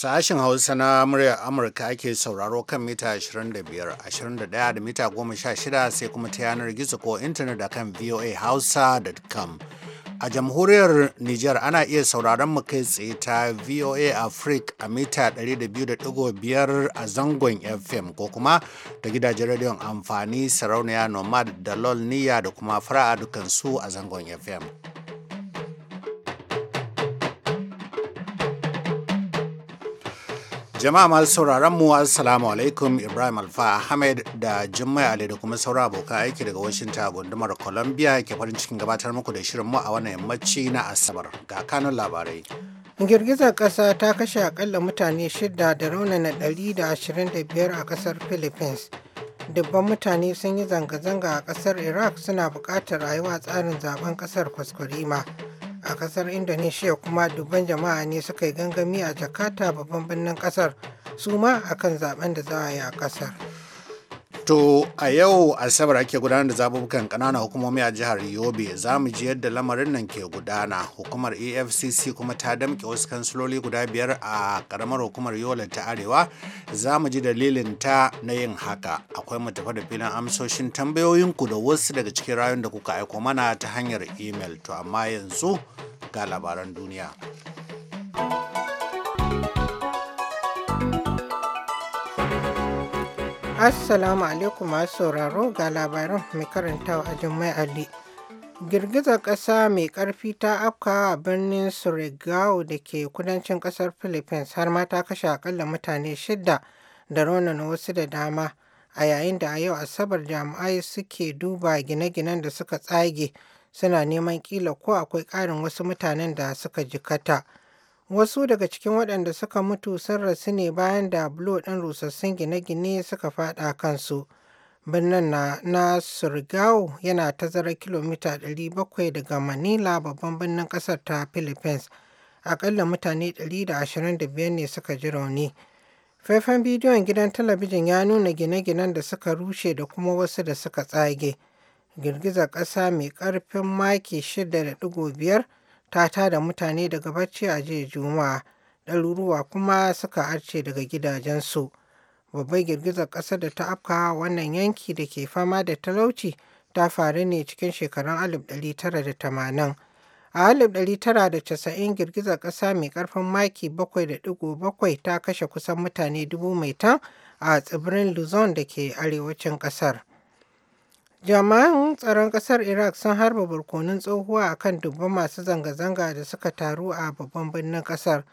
Sashen Hausa na muryar Amurka ake sauraro kan mita 25, 21 da mita 16 sai kuma ta yanar gizo ko intanet da kan voahausa.com. A jamhuriyar Nijar ana iya sauraron mu kai tsaye ta VOA Africa a mita 200.5 a zangon FM ko kuma da gidajen rediyon amfani sarauniya Nomad da Lol da kuma fara'a dukansu a zangon FM. Jama'a masu sauraron mu assalamu alaikum Ibrahim Alfa Ahmed da Jummai Ali da kuma sauran abokan aiki daga Washington gundumar Columbia ke farin cikin gabatar muku da shirin mu a wannan yammaci na Asabar ga kanun labarai. Girgizar ƙasa ta kashe akalla mutane shida da raunana ɗari da ashirin da biyar a ƙasar Philippines. Dubban mutane sun yi zanga-zanga a ƙasar Iraq suna buƙatar rayuwa tsarin zaben ƙasar kwaskwarima. a kasar indonesia kuma dubban jama'a ne suka yi gangami a jakarta babban birnin kasar su ma akan zaben da za a yi a kasar To a yau Asabar ake gudanar da zabubukan ƙananan hukumomi a jihar Yobe za mu ji yadda lamarin nan ke gudana. Hukumar afcc kuma ta damƙe wasu kansiloli guda biyar a ƙaramar hukumar Yola ta Arewa za mu ji dalilin ta na yin haka. Akwai mu tafi da filin amsoshin tambayoyinku da wasu daga cikin rayun da kuka aiko mana ta hanyar imel. To amma yanzu ga labaran duniya. Assalamu alaikum masu sauraro ga labaran mai karantawa a Jummai Ali. Girgizar ƙasa mai ƙarfi ta afka a birnin Surigao da ke kudancin ƙasar Philippines har ma ta kashe aƙalla mutane shidda da raunana wasu da dama a yayin da a yau Asabar jami'ai suke duba gine-ginen da suka tsage suna neman kila ko akwai ƙarin wasu mutanen da suka jikata. Wasu daga cikin waɗanda suka mutu sun rasu ne bayan da bulo ɗin rusassun gine-gine suka faɗa kansu. Birnin na, na Surigao yana tazarar kilomita 700 daga Manila babban birnin ƙasar ta Philippines. Akalla mutane 125 ne suka ji rauni. Faifan bidiyon gidan talabijin ya nuna gine-ginen da suka rushe da kuma wasu da suka tsage. Girgizar ƙasa mai ƙarfin maki 6.5 ta tada mutane daga bacci a jiya Juma'a, ɗaruruwa kuma suka arce daga gidajensu. Babbar girgizar ƙasar da ta afka wannan yanki da ke fama da talauci ta faru ne cikin shekarun 1980. A 1990 girgizar ƙasa mai ƙarfin maki 7.7 ta kashe kusan mutane dubu mai tan a tsibirin Luzon da ke arewacin ƙasar. Jami'an tsaron ƙasar Iraq sun harba barkonon tsohuwa a kan dubban masu zanga-zanga da suka taru a babban birnin ƙasar.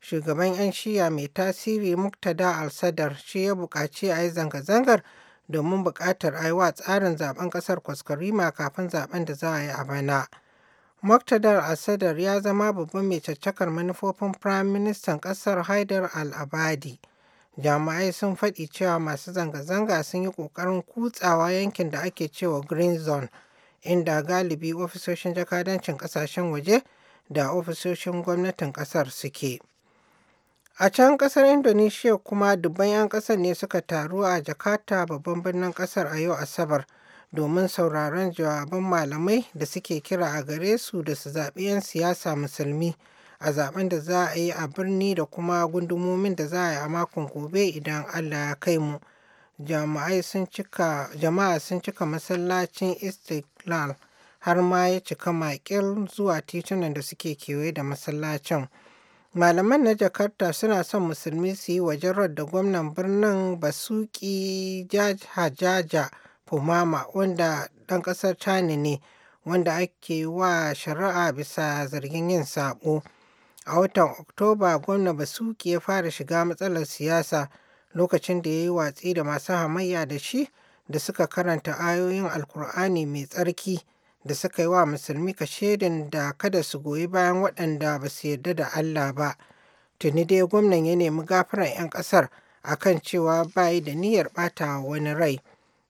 Shugaban 'yan Shiya mai tasiri Muktada al-Sadar shi ya buƙaci a yi zanga-zangar domin buƙatar a yi wa tsarin zaben ƙasar kwaskarima kafin zaben da za a yi a bana. muktada al-Sadar ya zama babban mai caccakar manufofin Firayim Ministan ƙasar Haidar al-Abadi. jami'ai sun faɗi cewa masu zanga-zanga sun yi ƙoƙarin kutsawa yankin da ake cewa green zone inda galibi ofisoshin jakadancin ƙasashen waje da ofisoshin gwamnatin ƙasar suke a can ƙasar indonesia kuma dubban 'yan ƙasar ne suka taru a jakarta babban birnin ƙasar a yau asabar domin sauraron jawaban malamai da suke kira a gare su da su zaɓi 'yan siyasa musulmi. a zaben da za a yi a birni da kuma gundumomin da za a yi a makon gobe idan Allah ya kai mu. Jama'a sun cika masallacin Istiklal har ma ya cika makil zuwa titunan da suke kewaye da masallacin. Malaman na Jakarta suna son musulmi su yi wajen da gwamnan birnin Basuki Hajaja Fumama wanda ɗan ƙasar China ne wanda ake wa shari'a bisa zargin yin saɓo. A watan Oktoba, Gwamna Basuki ya fara shiga matsalar siyasa lokacin da ya yi watsi da masu hamayya da shi da suka karanta ayoyin Alkur'ani mai tsarki da suka yi wa musulmi kashedin da kada su goyi bayan waɗanda ba su yarda da Allah ba. Tuni dai gwamnan ya nemi gafaran 'yan ƙasar kan cewa bayi da niyyar ɓata wani rai.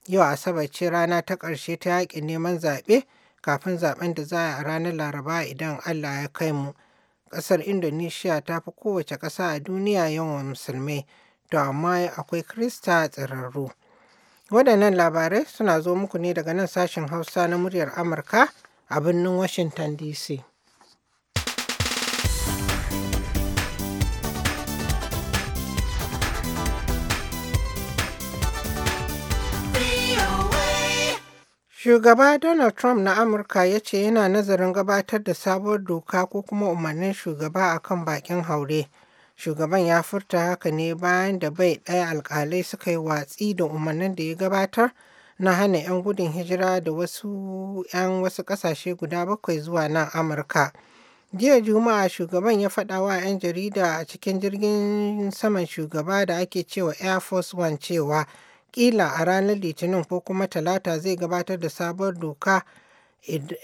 Yau Asabar ce rana ta ƙarshe ta yaƙin neman zaɓe kafin zaɓen da za a ranar Laraba idan Allah ya kai mu. Ƙasar Indonesia ta fi kowace ƙasa a duniya yawan musulmai, to amma akwai Kirista tsirarru. Waɗannan labarai suna zo muku ne daga nan sashen Hausa na muryar Amurka a birnin Washington DC. Shugaba Donald Trump na Amurka ya ce yana nazarin gabatar da sabuwar doka ko kuma umarnin shugaba a kan baƙin haure. Shugaban ya furta haka ne bayan da bai ɗaya alƙalai suka yi watsi da umarnin da ya gabatar na hana 'yan gudun hijira da wasu 'yan wasu ƙasashe guda bakwai zuwa nan Amurka. Jiya Juma'a shugaban ya faɗa wa 'yan jarida a cikin jirgin saman shugaba da ake cewa Air Force One cewa Kila a ranar Litinin ko kuma Talata zai gabatar da sabuwar doka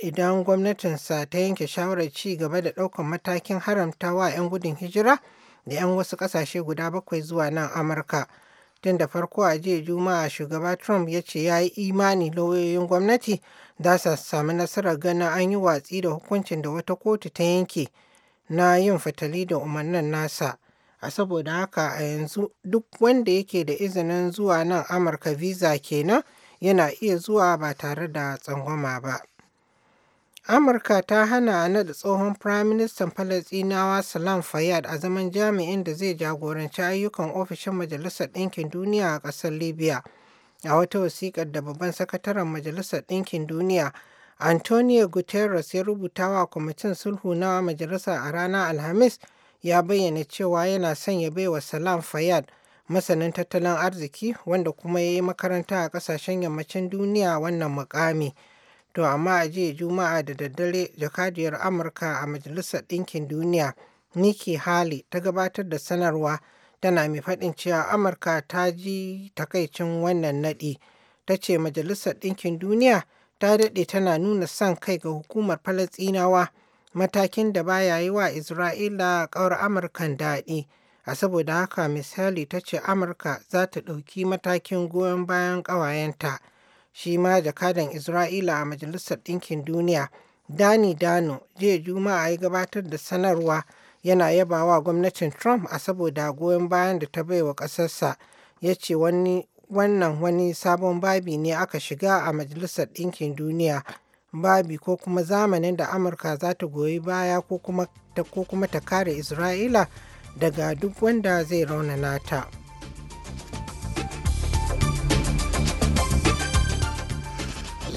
idan gwamnatinsa ta yanke shawarar ci gaba da ɗaukar matakin haramtawa wa 'yan gudun hijira da 'yan wasu ƙasashe guda bakwai zuwa nan Amurka. Tun da farko a jiya Juma'a shugaba Trump ya ce ya yi imani lauyoyin gwamnati za su sami nasarar ganin an yi watsi da hukuncin da wata kotu ta yanke na yin fatali da umarnin nasa. saboda haka a yanzu duk wanda yake da izinin zuwa nan amurka visa kenan yana iya zuwa ba tare da tsangwama ba amurka ta hana nada tsohon firaministan falasinawa salam fayyad a zaman jami'in da zai jagoranci ayyukan ofishin majalisar ɗinkin duniya a ƙasar libya a wata wasiƙar da babban sakataren majalisar ɗinkin duniya antonio guterres ya rubuta wa kwamitin sulhu na majalisa a ranar alhamis ya bayyana cewa yana son ya baiwa Salam Fayyad masanin tattalin arziki wanda kuma ya yi makaranta a kasashen yammacin duniya wannan mukami. To amma a jiya Juma'a da daddare jakadiyar Amurka a Majalisar Ɗinkin Duniya Nikki Haley ta gabatar da sanarwa tana mai faɗin cewa Amurka ta ji takaicin wannan naɗi. Ta ce Majalisar Ɗinkin Duniya ta daɗe tana nuna son kai ga hukumar Falasinawa. matakin da baya yi wa Isra'ila ƙawar Amurkan daɗi. A saboda haka misali ta ce Amurka za ta ɗauki matakin goyon bayan ƙawayenta. Shi ma jakadan Isra'ila a Majalisar Ɗinkin Duniya, Dani Dano, jiya Juma'a ya gabatar da sanarwa yana yabawa gwamnatin Trump a saboda goyon bayan da ta baiwa ƙasarsa. Ya ce wannan wani sabon babi ne aka shiga a Majalisar Ɗinkin Duniya babi ko kuma zamanin da amurka za ta goyi baya ko kuma ta kare isra'ila daga duk wanda zai raunana ta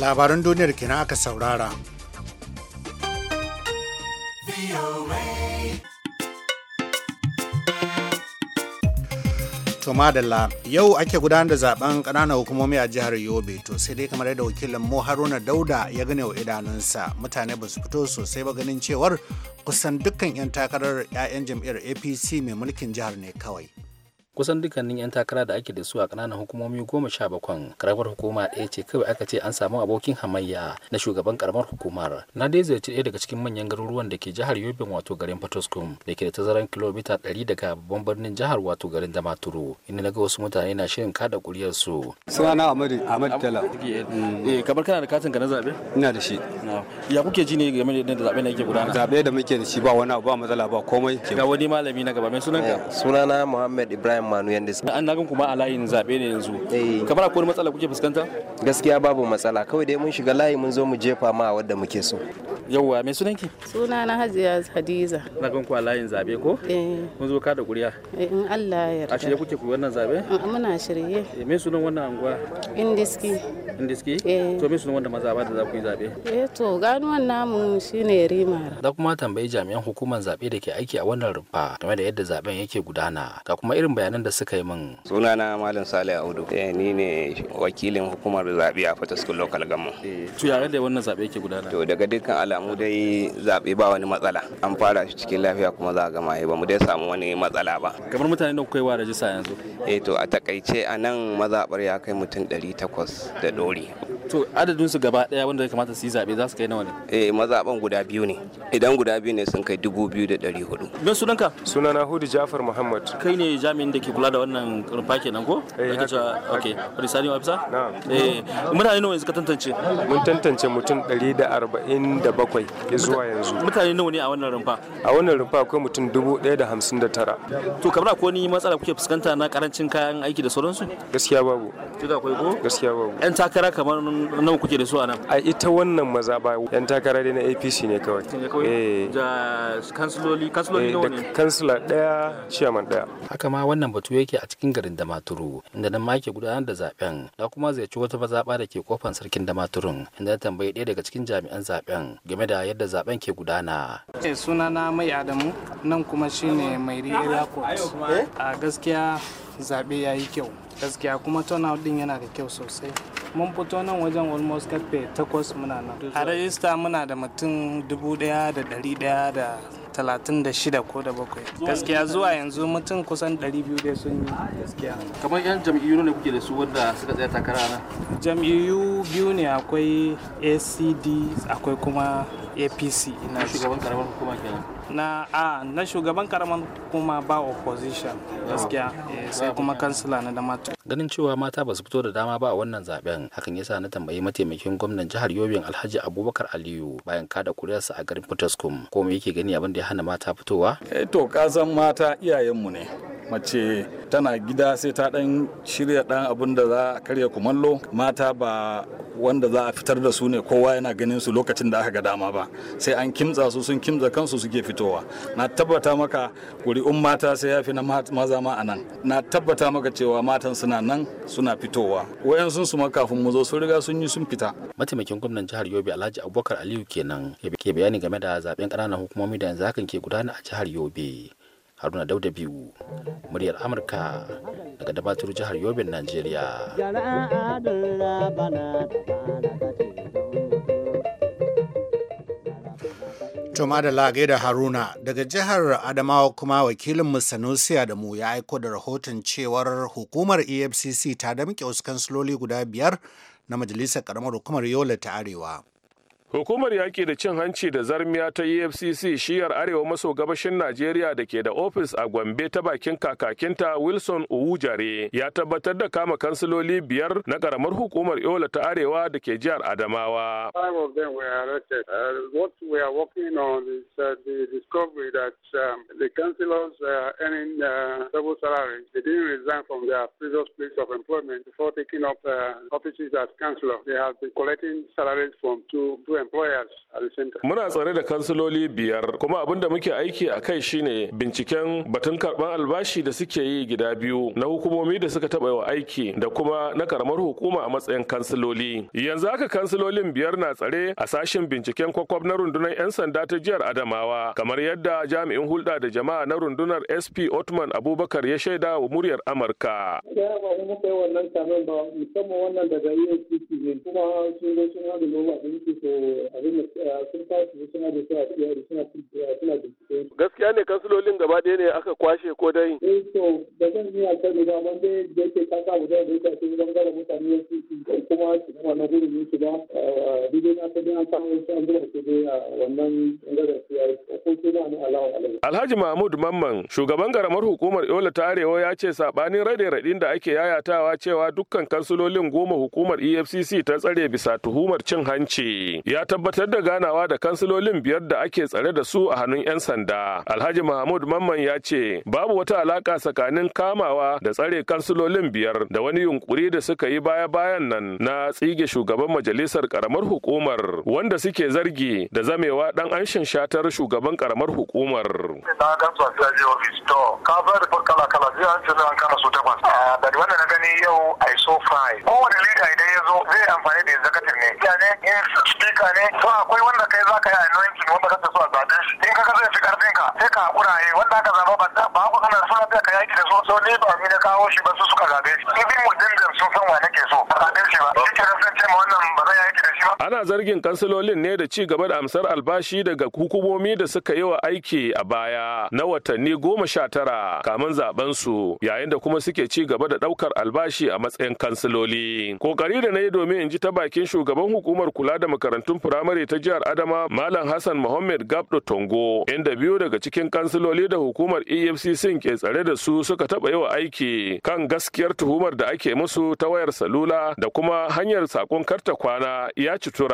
labaran duniyar kenan aka saurara. To madalla yau ake gudanar da zaben kananan hukumomi a jihar Yobe to sai dai kamar yadda wakilin mu Haruna Dauda ya gane wa idanunsa mutane ba su fito sosai ba ganin cewar kusan dukkan 'yan takarar 'ya'yan jam'iyyar APC mai mulkin jihar ne kawai. kusan dukkanin 'yan takara da ake da su a ƙananan hukumomi goma sha bakwai karamar hukuma ɗaya ce kawai aka ce an samu abokin hamayya na shugaban karamar hukumar na dai ce daga cikin manyan garuruwan da ke jihar yobin wato garin fatoskum da ke da tazaran kilomita ɗari daga babban birnin jihar wato garin damaturu inda na ga wasu mutane na shirin kada suna sunana amadu amadu tala eh, eh, kamar kana da katin ka na zaɓe. ina da shi ya kuke ji ne game da zaɓe na yake gudana zaɓe da muke da shi ba wani abu ba matsala ba komai ga wani malami na gaba mai sunanka eh, sunana muhammad ibrahim yan manu yanda suke an nagan kuma a layin zabe ne yanzu eh. kamar akwai matsala kuke fuskanta gaskiya babu matsala kawai dai mun shiga layi mun zo mu jefa ma wadda muke so yauwa mai sunan ki suna na hajiya hadiza na gan ku a layin zabe ko eh. mun zo ka da kuriya eh, in Allah ya yarda a shirye kuke ku wannan zabe muna shirye Mai sunan wannan anguwa indiski indiski to mai sunan wanda maza ba da za ku yi zabe eh to ganuwan namu shine Rima. da kuma tambayi jami'an hukumar zabe da ke aiki a wannan rumfa game da yadda zaben yake gudana ga kuma irin bayanan bayanan da suka yi min. Sunana Malam Salih Audu. Eh ni ne wakilin hukumar zaɓe a Fataskun Local Government. Eh, to yare da wannan zaɓe yake gudana? To daga dukkan alamu dai zaɓe ba wani matsala. An fara shi cikin lafiya kuma za a gama ba mu dai samu wani matsala ba. Kamar mutane da kuka yi wa rajista yanzu? Eh to a takaice a nan mazaɓar ya kai mutum ɗari takwas da ɗori to adadin su gaba daya wanda ya kamata su yi zabe za su kai nawa ne eh mazaban guda biyu ne idan guda biyu ne sun kai dubu biyu da ɗari sunanka sunana hudu jafar muhammad kai ne jami'in da ke kula da wannan rumfa kenan ko eh haka okay presiding officer na'am eh mutane nawa yanzu ka tantance mun tantance mutum 147 zuwa yanzu mutane nawa ne a wannan rumfa a wannan rumfa akwai mutum 1059 to kamar ko ni matsala kuke fuskanta na karancin kayan aiki da sauransu gaskiya babu to da akwai ko gaskiya babu yan takara kamar nawa kuke da su a nan a ita wannan maza ba yan takara dai na APC ne kawai eh. da kansuloli eh, nawa ne daya chairman daya haka ma wannan batu yake a cikin garin Damaturu inda nan ma gudanar da zaben da kuma zai ci wata mazaba da ke kofan sarkin Damaturun inda tambayi daya daga cikin jami'an zaben game da yadda zaben ke gudana eh, sunana mai Adamu nan kuma shine mai area court a gaskiya zabe yayi kyau gaskiya kuma turnout din yana da kyau sosai mun fito nan wajen almost karfe takwas muna nan a rajista muna da mutum dubu daya da dari daya da talatin da shida ko da bakwai gaskiya zuwa yanzu mutum kusan dari biyu dai sun yi gaskiya kamar yan jam'iyyu ne kuke da su wanda suka tsaya takara na jam'iyyu biyu ne akwai acd akwai kuma apc ina shugaban karamar hukuma kenan na a na shugaban karaman kuma ba opposition gaskiya eh, sai kuma kansila na da mata ganin cewa mata ba su fito da dama ba a wannan zaben hakan yasa na tambayi mataimakin gwamnan jihar Yobin Alhaji Abubakar Aliyu bayan kada kuriyarsa a garin Potoskum ko me yake gani abin da ya hana mata fitowa eh to kasan mata iyayenmu ne mace tana gida sai ta dan shirya dan abin da za a karya kumallo mata ba wanda za a fitar da su ne kowa yana ganin su lokacin da aka ga dama ba sai an kimtsa su sun kimtsa kansu suke fito. fitowa na tabbata maka ƙuri'un mata sai ya fi na maza ma a nan na tabbata maka cewa matan suna nan suna fitowa sun su kafin mu zo sun riga sun yi sun fita mataimakin gwamnan jihar yobe alhaji abubakar aliyu kenan ke bayani game da zaben ƙananan hukumomi da yanzu hakan ke gudana a jihar yobe haruna dauda biyu muryar amurka daga dabatar jihar yobe najeriya Tuma da lage da Haruna daga jihar Adamawa kuma wakilin Sanusiya da mu ya aiko da rahoton cewar hukumar EFCC ta damƙe wasu kansiloli guda biyar na majalisar ƙaramar hukumar Yola ta Arewa. Hukumar yaƙi da cin hanci da zarmiya ta EFCC shiyar arewa maso gabashin Najeriya da ke da ofis a Gombe ta bakin kakakinta Wilson Uwujare ya tabbatar da kama kansiloli biyar na karamar hukumar Yola ta arewa da ke jihar Adamawa. working the Employment before taking up uh, offices as councillor. They have been collecting salaries from two, two Muna tsare da kansiloli biyar kuma abin da muke aiki a kai shine binciken batun karban albashi da suke yi gida biyu na hukumomi da suka taɓa wa aiki da kuma na karamar hukuma a matsayin kansiloli. Yanzu haka kansilolin biyar na tsare a sashen binciken kwakwab na rundunar 'yan sanda ta jihar Adamawa kamar yadda jami'in hulɗa da jama'a na rundunar SP Otman Abubakar ya shaida wa muryar Amurka. ba wannan ba musamman wannan daga e ne kuma sun sun abin eh, sun tashi suna da suna tiyari suna suna bincike. Gaskiya ne kansilolin gaba ɗaya ne aka kwashe ko dai? Eh to da zan yi a kan ba wanda da yake ka sa guda da yake sun gangara mutane ya su kuma su kuma na gurin ne su ba dai na san an samu wasu an zura su dai a wannan gangaren su ya ko su da ni alawa alawa. Alhaji Mahmud Mamman shugaban garamar hukumar Yola ta Arewa ya ce sabanin rade raɗin da ake yayatawa cewa dukkan kansilolin goma hukumar EFCC ta tsare bisa tuhumar cin hanci. ya tabbatar da ganawa da kansilolin biyar da ake tsare da su a hannun 'yan sanda. Alhaji Mahmud Mamman ya ce babu wata alaka tsakanin kamawa da tsare kansilolin biyar da wani yunkuri da suka yi baya-bayan nan na tsige shugaban majalisar karamar hukumar wanda suke zargi da zamewa dan an shatar shugaban karamar hukumar. yau so fine. Kowane leda idan ya zo zai amfani da zakatin ne. ne in eh, speaker mutane to akwai wanda kai za ka yi anointing wanda kake so a zaɓe shi in ka kaga ya fi karfin ka sai ka hakura ne eh, wanda aka zaba ba ba ku kana suna da ka yaki da so so ne ba mi na kawo shi ba su suka zaɓe shi ibin mutum sun san wani zargin kansilolin ne da ci gaba da amsar albashi daga hukumomi da suka yi wa aiki a baya na watanni goma sha tara kamun zaben su yayin da kuma suke ci gaba da daukar albashi a matsayin kansiloli kokari da na yi domin in ji ta bakin shugaban hukumar kula da makarantun firamare ta jihar adama malam hassan Mohammed gabdo tongo inda biyu daga cikin kansiloli da hukumar efcc ke tsare da su suka taba yi wa aiki kan gaskiyar tuhumar da ake musu ta wayar salula da kuma hanyar sakon karta kwana ya ci tura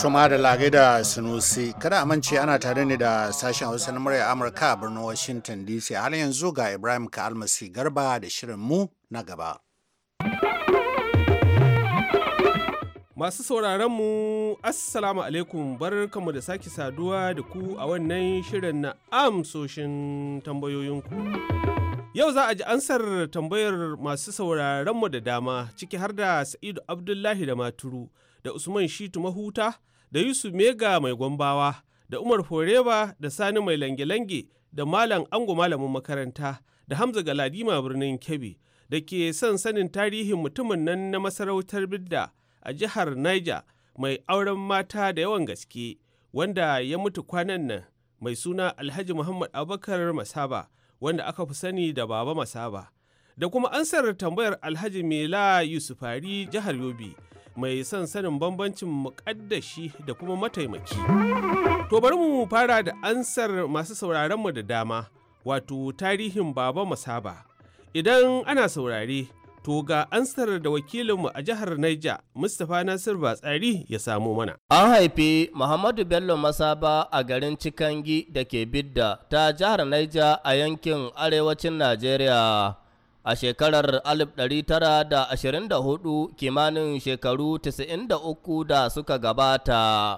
Tuma da lage da Sunusi, kada a mance ana tare ne da sashen Hausa na murya Amurka a birnin Washington DC. Har yanzu ga Ibrahim Kalmasi Garba da shirin mu na gaba. Masu sauraron mu Assalamu alaikum barkamu da sake saduwa da ku a wannan shirin na amsoshin tambayoyinku. Yau za a ji ansar tambayar masu sauraron mu da dama ciki har da Sa'idu Abdullahi da Maturu da Usman Shitu Mahuta da Yusuf Mega mai gombawa da Umar Foreba da Sani mai lange-lange da Malam Ango malamin makaranta da Hamza Galadima birnin Kebbi da ke son sanin tarihin mutumin nan na masarautar Bidda a jihar Niger mai auren mata da yawan gaske wanda ya mutu kwanan nan mai suna Alhaji Muhammad Abubakar Masaba wanda aka fi sani da Baba Masaba da kuma ansar tambayar Alhaji Mela Yusufari jihar Yobe mai son sanin bambancin muƙaddashi da kuma mataimaki. To bari mu fara da ansar masu mu da dama, wato tarihin Baba masaba Idan ana saurare, to ga ansar da wakilinmu a jihar Niger, Mustapha Nasir Batsari ya samu mana. An haifi Muhammadu Bello Masaba a garin Cikangi da ke Bidda ta jihar Niger a yankin arewacin Najeriya. A shekarar 1924 kimanin shekaru 93 da suka gabata,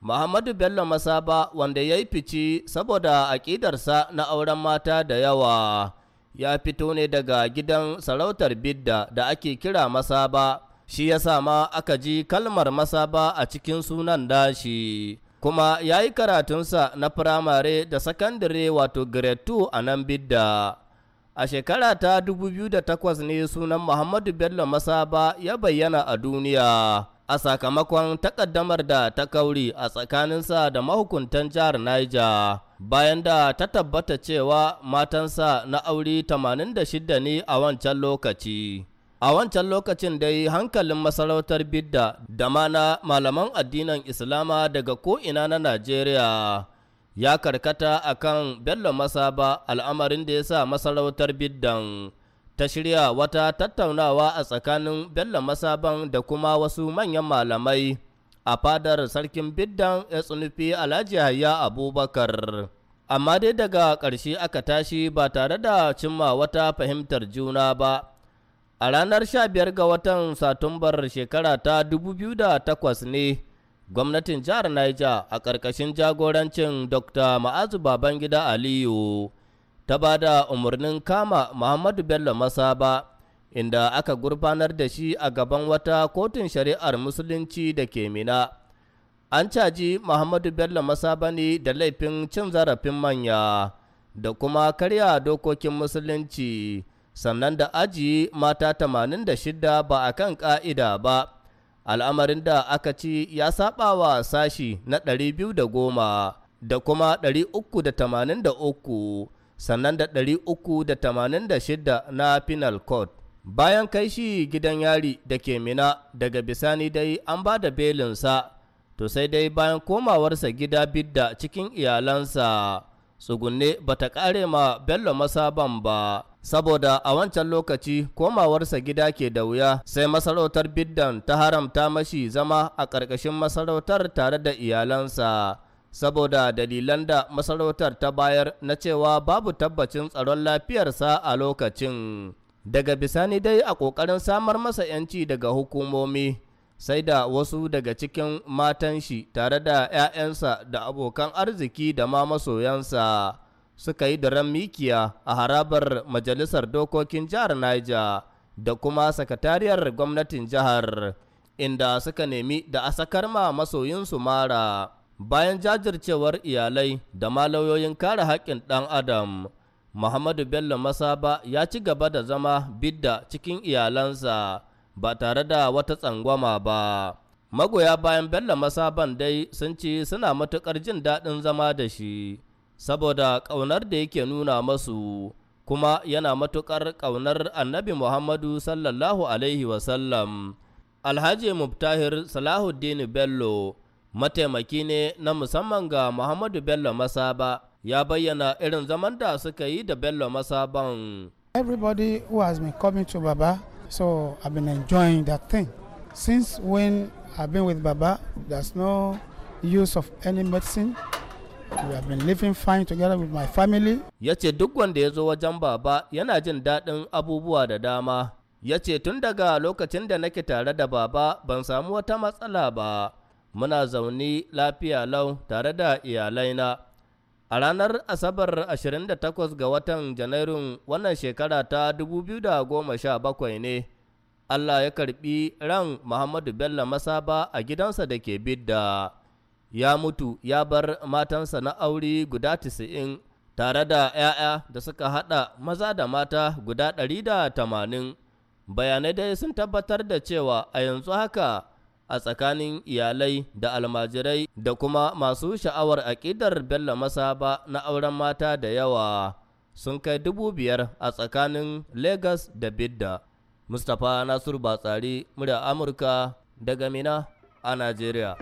Muhammadu Bello Masaba wanda ya yi fici saboda aƙidarsa na auren mata da yawa, ya fito ne daga gidan sarautar Bidda da ake kira Masaba, shi ya ma aka ji kalmar Masaba a cikin sunan dashi. Kuma ya yi karatunsa na firamare da sakandare wato grade 2 a nan Bidda. A shekara ta 2008 ne sunan Muhammadu Bello Masaba ya bayyana a duniya a sakamakon takaddamar da ta kauri a tsakaninsa da mahukuntan jihar Niger bayan da ta tabbata cewa matansa na aure 86 ne a wancan lokaci. A wancan lokacin dai hankalin masarautar Bidda da mana malaman addinin Islama daga ko'ina na Najeriya ya karkata a kan Bello Masaba al'amarin da ya sa masarautar Biddan ta shirya wata tattaunawa a tsakanin Bello Masaban da kuma wasu manyan malamai a fadar sarkin Biddan ya tsunufi Alhaji Hayya Abubakar. Amma dai daga ƙarshe aka tashi ba tare da cimma wata fahimtar juna ba. A ranar 15 ga watan Satumbar shekara ta 2008 ne. gwamnatin jihar Niger a ƙarƙashin jagorancin Dr. Ma'azu Babangida Aliyu ta ba da umarnin kama Muhammadu Bello Masaba inda aka gurfanar da shi a gaban wata kotun shari'ar musulunci da ke mina. An caji Muhammadu Bello Masaba ne da laifin cin zarafin manya da kuma karya dokokin musulunci sannan da aji mata 86 ba a kan ƙa'ida ba. al'amarin da aka ci ya saba wa sashi na 210 da kuma 383 sannan da 386 na penal court bayan kai shi gidan yari da ke mina daga bisani dai an ba da belinsa to sai dai bayan komawarsa gida bidda cikin iyalansa tsugunne ba ta kare ma bello masaban ba saboda a wancan lokaci komawarsa gida ke da wuya sai masarautar biddan ta haramta mashi zama a ƙarƙashin masarautar tare da iyalansa saboda dalilan da masarautar ta bayar na cewa babu tabbacin tsaron lafiyarsa a lokacin daga bisani dai a ƙoƙarin samar masa 'yanci daga hukumomi sai da wasu daga cikin matan shi tare da 'ya'yansa da abokan arziki da ma masoyansa suka yi da mikiya a harabar majalisar dokokin jihar Niger da kuma sakatariyar gwamnatin jihar inda suka nemi da a ma masoyinsu mara bayan jajircewar iyalai da ma lauyoyin kare haƙƙin ɗan adam muhammadu bello masaba ya ci gaba da zama bidda cikin iyalansa ba tare da wata tsangwama ba magoya bayan bello masaban dai sun ci suna matuƙar jin daɗin zama da shi saboda ƙaunar da yake nuna masu kuma yana matuƙar ƙaunar annabi Muhammadu sallallahu Alaihi wasallam. Alhaji Mubtahir Salahuddin Bello, mataimaki ne na musamman ga Muhammadu Bello Masaba, ya bayyana irin zaman da suka yi da Bello Masaban. Everybody who has been coming to Baba, so I've been enjoying that thing. Since when I've been with Baba, there's no use of any medicine. family. Ya ce duk wanda ya zo wajen baba yana jin daɗin abubuwa da dama. Ya ce tun daga lokacin da nake tare da baba ban samu wata matsala ba. Muna zaune lafiya lau tare da iyalaina. A ranar Asabar 28 ga watan Janairun wannan shekara ta 2017 ne, Allah ya karbi ran Muhammadu Bello Masaba a gidansa da ke Bidda. ya mutu ya bar matansa na aure guda tisa'in tare da 'ya'ya da suka haɗa maza da mata guda ɗari da tamanin bayanai dai sun tabbatar da cewa a yanzu haka a tsakanin iyalai da almajirai da kuma masu sha'awar aƙidar bello masaba na auren mata da yawa sun kai dubu biyar a tsakanin lagos da bidda mustapha nasiru batsari murya amurka daga mina a najeriya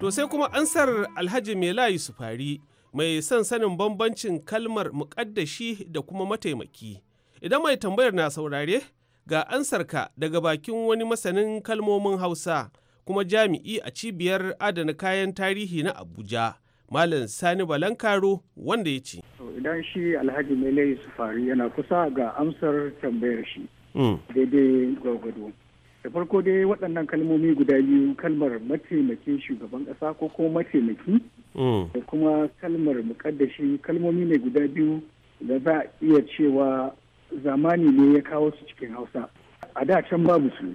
To sai kuma ansar Alhaji Mela Yusufari mai son sanin bambancin kalmar muƙaddashi da kuma mataimaki. Idan mai tambayar na saurare ga ansarka daga bakin wani masanin kalmomin Hausa kuma jami'i a cibiyar adana kayan tarihi na Abuja. Malam Sani Balankaro wanda ya ce. Idan shi Alhaji Mele Yusufari yana kusa ga amsar tambayar shi. Hmm. Daidai gwagwado. da farko dai waɗannan kalmomi guda biyu kalmar mataimakin shugaban ƙasa ko kuma mataimaki mm. da kuma kalmar muƙaddashi kalmomi ne guda biyu da za a iya cewa zamani ne ya kawo su cikin hausa a da can babu su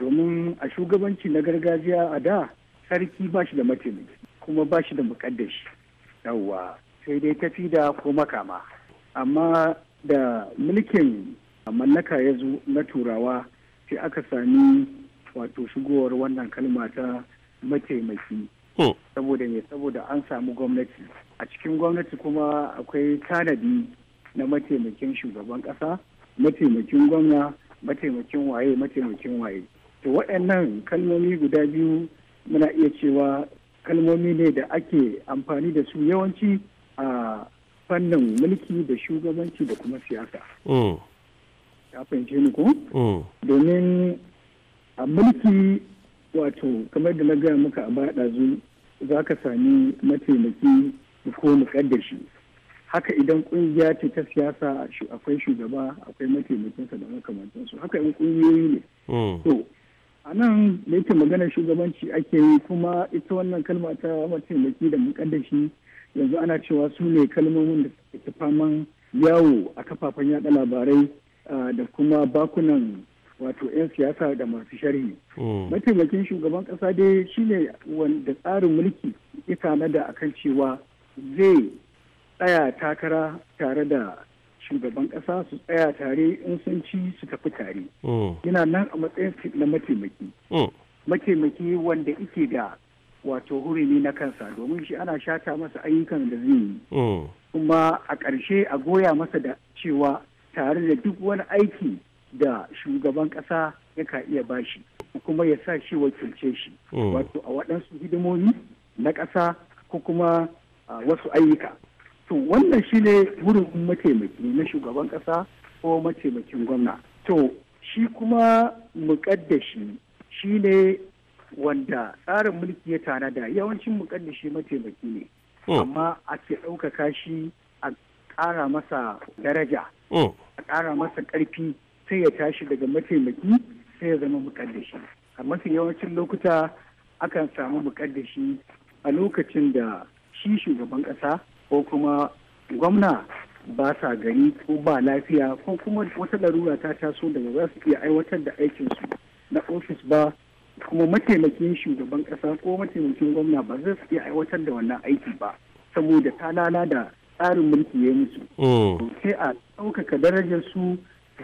domin a shugabanci na gargajiya a da sarki ba shi da mataimaki kuma ba shi da muƙaddashi. yawwa sai dai tafi da ko makama amma da mulkin mallaka ya zo na turawa sai aka sami wato shigowar wannan kalma ta mataimaki hmm. saboda ne saboda an samu gwamnati a cikin gwamnati kuma akwai tanadi na mataimakin shugaban kasa mataimakin gwamna mataimakin waye mataimakin waye to waɗannan kalmomi guda biyu muna iya cewa kalmomi ne da ake amfani da su yawanci a fannin mulki da shugabanci da kuma siyasa hmm. ya fahimce ni ko mm. domin a mulki wato kamar da na gaya muka a baya ɗazu za ka sami mataimaki ko shi haka idan kungiya ce ta siyasa akwai shugaba akwai mataimakinsa da makamantansu haka in kungiyoyi ne mm. to a nan da yake maganar shugabanci ake yi kuma ita wannan kalma ta mataimaki da shi yanzu ana cewa su ne kalmomin da suke faman yawo a kafafen yaɗa labarai da kuma bakunan wato 'yan siyasa da masu sharhi. Mm. Mataimakin shugaban kasa dai shine wanda tsarin mulki na da akan cewa zai tsaya takara tare da shugaban kasa su tsaya tare in sun ci su tafi tare. Mm. Yana nan a matsayin na mataimaki. Mm. Mataimaki wanda ike da wato hurumi na kansa domin shi ana shata masa ayyukan da zai yi. Kuma a ƙarshe a goya masa da cewa tare da duk wani aiki da shugaban ƙasa yaka iya bashi kuma ya sa shi wakilce shi mm. wato a waɗansu hidimomi na ƙasa ko kuma wasu ayyuka to wannan shi ne wurin mataimaki na shugaban ƙasa ko mataimakin gwamna to shi kuma muƙaddashi shi ne wanda tsarin mulki ya da yawancin muƙaddashi mataimaki ne mm. amma ake ɗaukaka shi ƙara masa daraja mm. a ƙara masa ƙarfi sai ya tashi daga mataimaki sai ya zama mukaddashi a mafi yawancin lokuta akan samu mukaddashi a lokacin da shi shugaban ƙasa ko kuma gwamna ba sa gani ko ba lafiya ko kuma wata larura ta taso daga za su iya aiwatar da aikinsu na ofis ba kuma mataimakin shugaban ƙasa ko mataimakin gwamna ba za su iya aiwatar da wannan aiki ba saboda ta lala da tsarin mulki ya musu oh. sai a ɗaukaka darajar su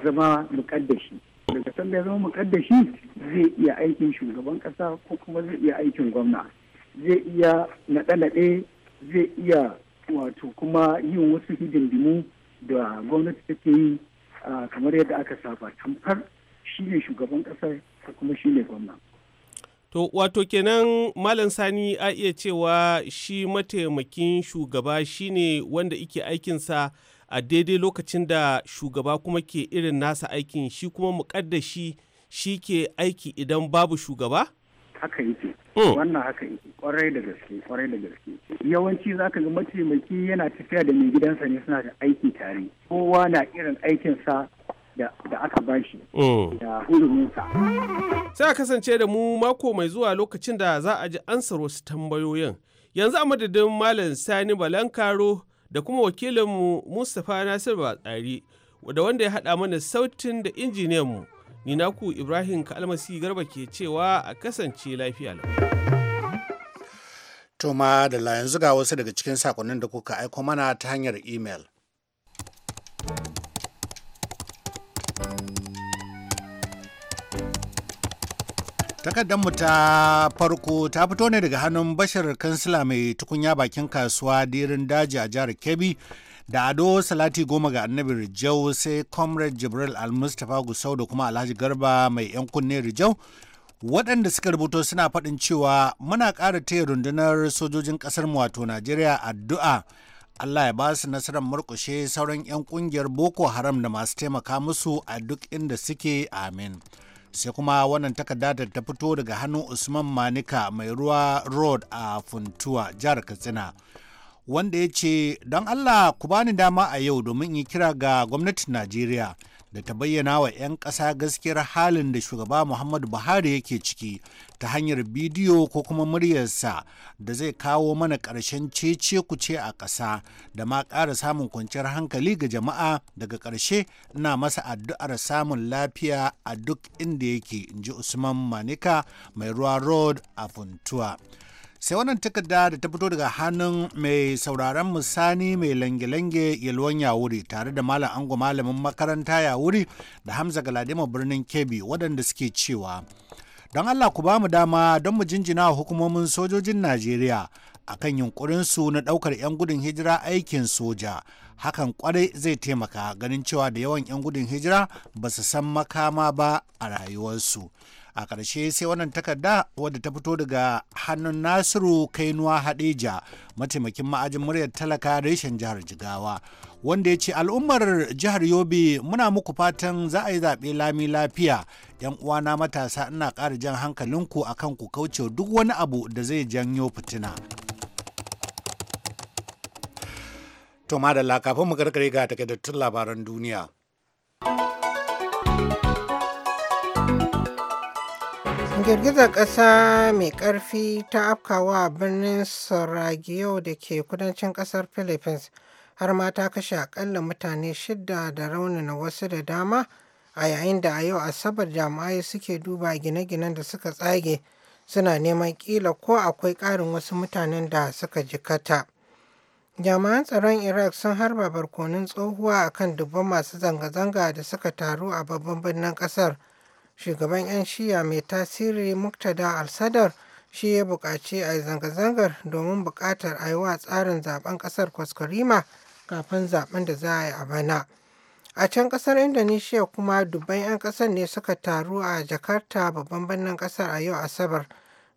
zama mukaddashi daga sanda ya zama mukaddashi zai iya aikin shugaban ƙasa ko kuma zai iya aikin gwamna zai iya naɗe-naɗe zai iya wato kuma yin wasu hidindimu da gwamnati take yi kamar yadda aka saba tamfar ne shugaban ƙasar ko kuma shi ne gwamna To wato kenan Malam Sani a iya cewa shi mataimakin shugaba shine wanda ike aikinsa a daidai lokacin da shugaba kuma ke irin nasa aikin shi kuma mukaddashi shi ke aiki idan babu shugaba? Haka yake. Hmm. Wannan haka yake. Kwarai da gaske, kwarai da gaske. Yawanci za ka ga mataimaki yana tafiya da mai gidansa ne suna da aiki tare. Kowa na irin aikinsa da aka bashi mm. da huruminsa. Sai a kasance da mu mako mai zuwa lokacin da za a ji ansar wasu tambayoyin. Yanzu a madadin Malam Sani Balankaro da kuma wakilinmu Mustapha Nasir Batsari da wanda ya haɗa mana sautin da injiniyanmu. Ni naku Ibrahim Kalmasi Garba ke cewa a kasance lafiya lau. Toma da yanzu wasu daga cikin sakonnin da kuka aiko mana ta hanyar email takardar mu ta farko ta fito ne daga hannun bashar kansila mai tukunya bakin kasuwa dirin daji a jihar kebbi da ado salati goma ga annabi rijau sai comrade jibril al-mustapha gusau da kuma alhaji garba mai yan kunne rijau waɗanda suka rubuto suna faɗin cewa muna ƙara taya rundunar sojojin ƙasar mu wato najeriya addu'a allah ya ba su nasarar murƙushe sauran 'yan ƙungiyar boko haram da masu taimaka musu a duk inda suke amin. sai kuma wannan takarda da ta fito daga hannun usman manika mai ruwa road a funtua jihar katsina wanda ya ce don allah ku bani dama a yau domin yi kira ga gwamnatin najeriya da ta bayyana wa 'yan ƙasa gaskiyar halin da shugaba Muhammadu Buhari yake ciki ta hanyar bidiyo ko kuma muryarsa da zai kawo mana ƙarshen cece kuce a ƙasa da ma ƙara samun kwanciyar hankali ga jama'a daga ƙarshe ina masa addu'ar samun lafiya a duk inda yake in ji Usman Manika mai ruwa road a Funtua. sai wannan takarda da ta fito daga hannun mai sauraron musani mai lange-lange yalwan yawuri tare da malam ango malamin makaranta yawuri da hamza galadima birnin kebbi waɗanda suke cewa don allah ku ba mu dama don mu jinjina hukumomin sojojin najeriya akan yunƙurinsu na ɗaukar 'yan gudun hijira aikin soja hakan kwarai zai taimaka ganin cewa da yawan 'yan gudun hijira ba su san makama ba a rayuwarsu a ƙarshe sai wannan takarda wadda ta fito daga hannun nasiru kainuwa hadeja mataimakin ma'ajin muryar talaka reshen jihar jigawa wanda ya ce al'ummar jihar yobe muna muku fatan za a yi zaɓe lami lafiya yan uwana matasa ina ƙara jan hankalinku a kan ku kauce duk wani abu da zai janyo fitina to madalla kafin mu karkare ga takaitattun labaran duniya. girgizar ƙasa mai ƙarfi ta afkawa a birnin sarajevo da ke kudancin ƙasar philippines har ma ta kashe akalla mutane shida da raunana wasu da dama a yayin da a yau asabar jami'ai suke duba gine-ginen da suka tsage suna neman ƙila ko akwai ƙarin wasu mutanen da suka jikata jami'an tsaron iraq sun harba barkonin tsohuwa akan dubban masu zanga-zanga da suka taru a babban birnin ƙasar. shugaban 'yan shiya mai tasiri muktada al-sadar shi ya buƙaci a zanga-zangar domin buƙatar a yi wa tsarin zaben ƙasar kwaskwarima kafin zaben da za a yi a bana a can ƙasar indonesia kuma dubban 'yan ƙasar ne suka taru a jakarta babban birnin ƙasar a yau asabar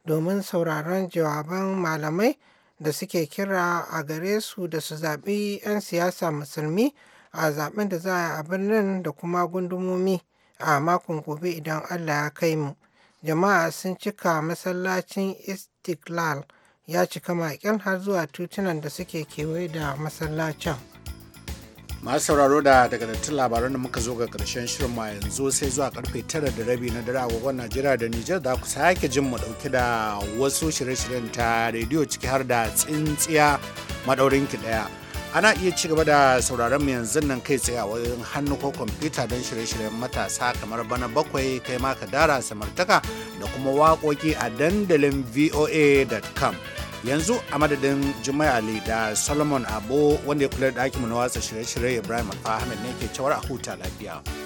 domin sauraron jawaban malamai da suke kira a gare su da su zaɓi 'yan siyasa musulmi a zaɓen da za a yi a birnin da kuma gundumomi. a makon gobe idan Allah ya kai mu. Jama'a sun cika masallacin Istiklal ya cika makil har zuwa tutunan da suke kewaye da masallacin. masu sauraro da daga dattin labaran da muka zo ga karshen shirin ma yanzu sai zuwa karfe tara da rabi na dare agogon najeriya da nijar da ku sake jin mu dauke da wasu shirye-shiryen ta rediyo ciki har da tsintsiya madaurinki daya ana iya ci gaba da sauraron mu yanzu nan kai tsaye a wayoyin hannu ko kwamfuta don shirye-shiryen matasa kamar bana bakwai kai ma ka dara samartaka da kuma waƙoƙi a dandalin voa.com yanzu a madadin jimai ali da solomon abo wanda ya kula da ɗakin na watsa shirye-shirye ibrahim alfahamed ne ke cewar a huta lafiya.